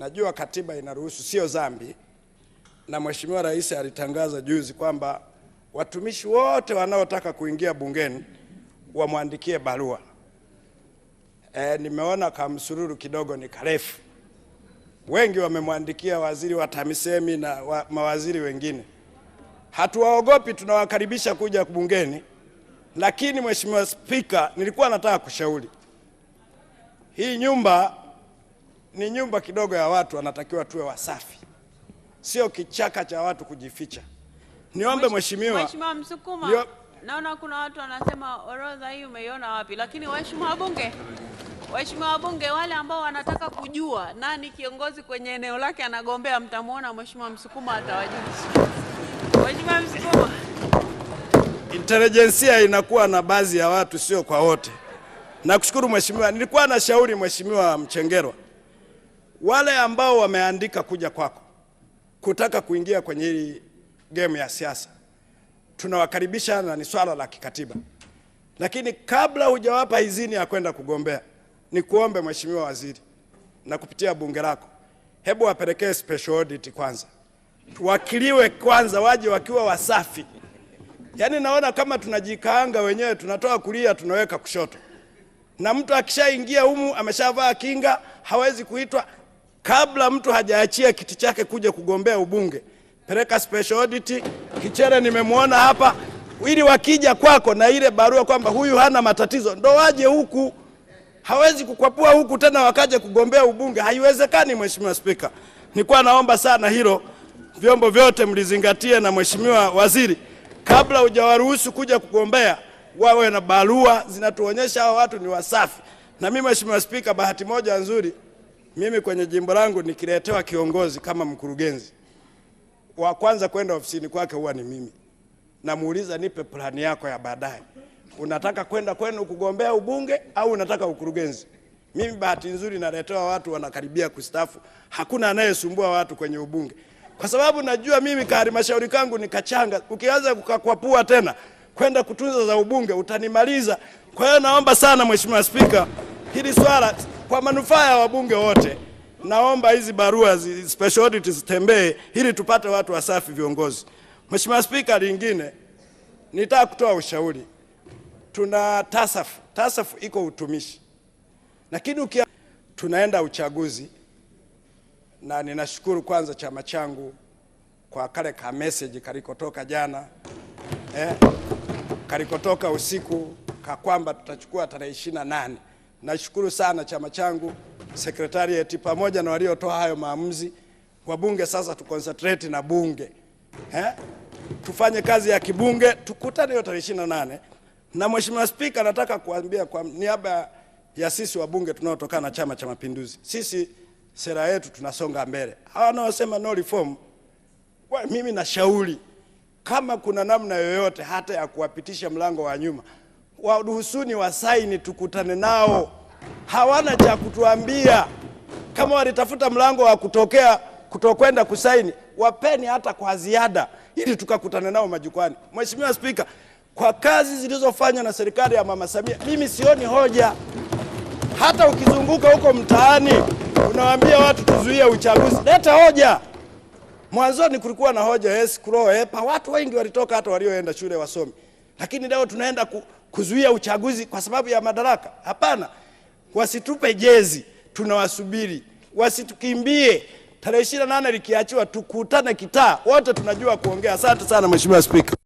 Najua katiba inaruhusu, sio dhambi, na Mheshimiwa Rais alitangaza juzi kwamba watumishi wote wanaotaka kuingia bungeni wamwandikie barua. E, nimeona kamsururu kidogo ni karefu, wengi wamemwandikia waziri wa TAMISEMI na wa, mawaziri wengine. Hatuwaogopi, tunawakaribisha kuja bungeni, lakini Mheshimiwa Spika, nilikuwa nataka kushauri hii nyumba ni nyumba kidogo ya watu, anatakiwa tuwe wasafi, sio kichaka cha watu kujificha. Niombe mheshimiwa, Msukuma, naona kuna watu wanasema orodha hii umeiona wapi? Lakini waheshimiwa wabunge, waheshimiwa wabunge, wale ambao wanataka kujua nani kiongozi kwenye eneo lake anagombea, mtamwona Mheshimiwa Msukuma atawajibu. Mheshimiwa Msukuma, intelijensia inakuwa na baadhi ya watu, sio kwa wote. Nakushukuru mheshimiwa. Nilikuwa na shauri mheshimiwa Mchengerwa, wale ambao wameandika kuja kwako kutaka kuingia kwenye hili game ya siasa, tunawakaribisha na ni swala la kikatiba, lakini kabla hujawapa idhini ya kwenda kugombea, ni kuombe Mheshimiwa Waziri na kupitia bunge lako, hebu wapelekee special audit kwanza, wakiliwe kwanza, waje wakiwa wasafi. Yaani naona kama tunajikaanga wenyewe, tunatoa kulia tunaweka kushoto, na mtu akishaingia humu ameshavaa kinga, hawezi kuitwa kabla mtu hajaachia kiti chake kuja kugombea ubunge, peleka special audit. Kichere nimemwona hapa, ili wakija kwako na ile barua kwamba huyu hana matatizo, ndo waje huku. Hawezi kukwapua huku tena wakaje kugombea ubunge, haiwezekani. Mheshimiwa Spika, nilikuwa naomba sana hilo, vyombo vyote mlizingatie, na Mheshimiwa Waziri, kabla hujawaruhusu kuja kugombea, wawe na barua zinatuonyesha hao watu ni wasafi. Na mimi Mheshimiwa Spika, bahati moja nzuri mimi kwenye jimbo langu nikiletewa kiongozi kama mkurugenzi, wa kwanza kwenda ofisini kwake huwa ni mimi. Namuuliza, nipe plani yako ya baadaye, unataka kwenda kwenu kugombea ubunge au unataka ukurugenzi? Mimi bahati nzuri naletewa watu wanakaribia kustafu, hakuna anayesumbua watu kwenye ubunge, kwa sababu najua mimi kahalmashauri kangu ni kachanga. Ukianza kukakwapua tena kwenda kutunza za ubunge utanimaliza. Kwa hiyo naomba sana Mheshimiwa Spika, hili swala kwa manufaa ya wabunge wote, naomba hizi barua zi, special audit zitembee ili tupate watu wasafi viongozi. Mheshimiwa Spika, lingine nitaka kutoa ushauri. Tuna tasafu tasafu iko utumishi, lakini ukia tunaenda uchaguzi, na ninashukuru kwanza chama changu kwa kale ka message kalikotoka jana eh, kalikotoka usiku ka kwamba tutachukua tarehe ishirini na nane Nashukuru sana chama changu, sekretariati pamoja na waliotoa hayo maamuzi. Wabunge sasa tuconcentrate na bunge He? Tufanye kazi ya kibunge, tukutane hiyo tarehe nane. Na Mheshimiwa Spika, nataka kuambia kwa niaba ya sisi wabunge tunaotokana na Chama cha Mapinduzi, sisi sera yetu tunasonga mbele. Hawa wanaosema no reform, mimi nashauri kama kuna namna yoyote hata ya kuwapitisha mlango wa nyuma waruhusuni wasaini tukutane nao. Hawana cha kutuambia. Kama walitafuta mlango wa kutokea kutokwenda kusaini, wapeni hata kwa ziada, ili tukakutane nao majukwani. Mheshimiwa Spika, kwa kazi zilizofanywa na serikali ya Mama Samia, mimi sioni hoja. Hata ukizunguka huko mtaani unawaambia watu tuzuie uchaguzi, leta hoja. Mwanzoni kulikuwa na hoja yes, kurohepa. Watu wengi walitoka hata walioenda shule wasomi, lakini leo tunaenda kuzuia uchaguzi kwa sababu ya madaraka. Hapana, wasitupe jezi, tunawasubiri, wasitukimbie. Tarehe ishirini na nane likiachiwa, tukutane kitaa, wote tunajua kuongea. Asante sana Mheshimiwa Spika.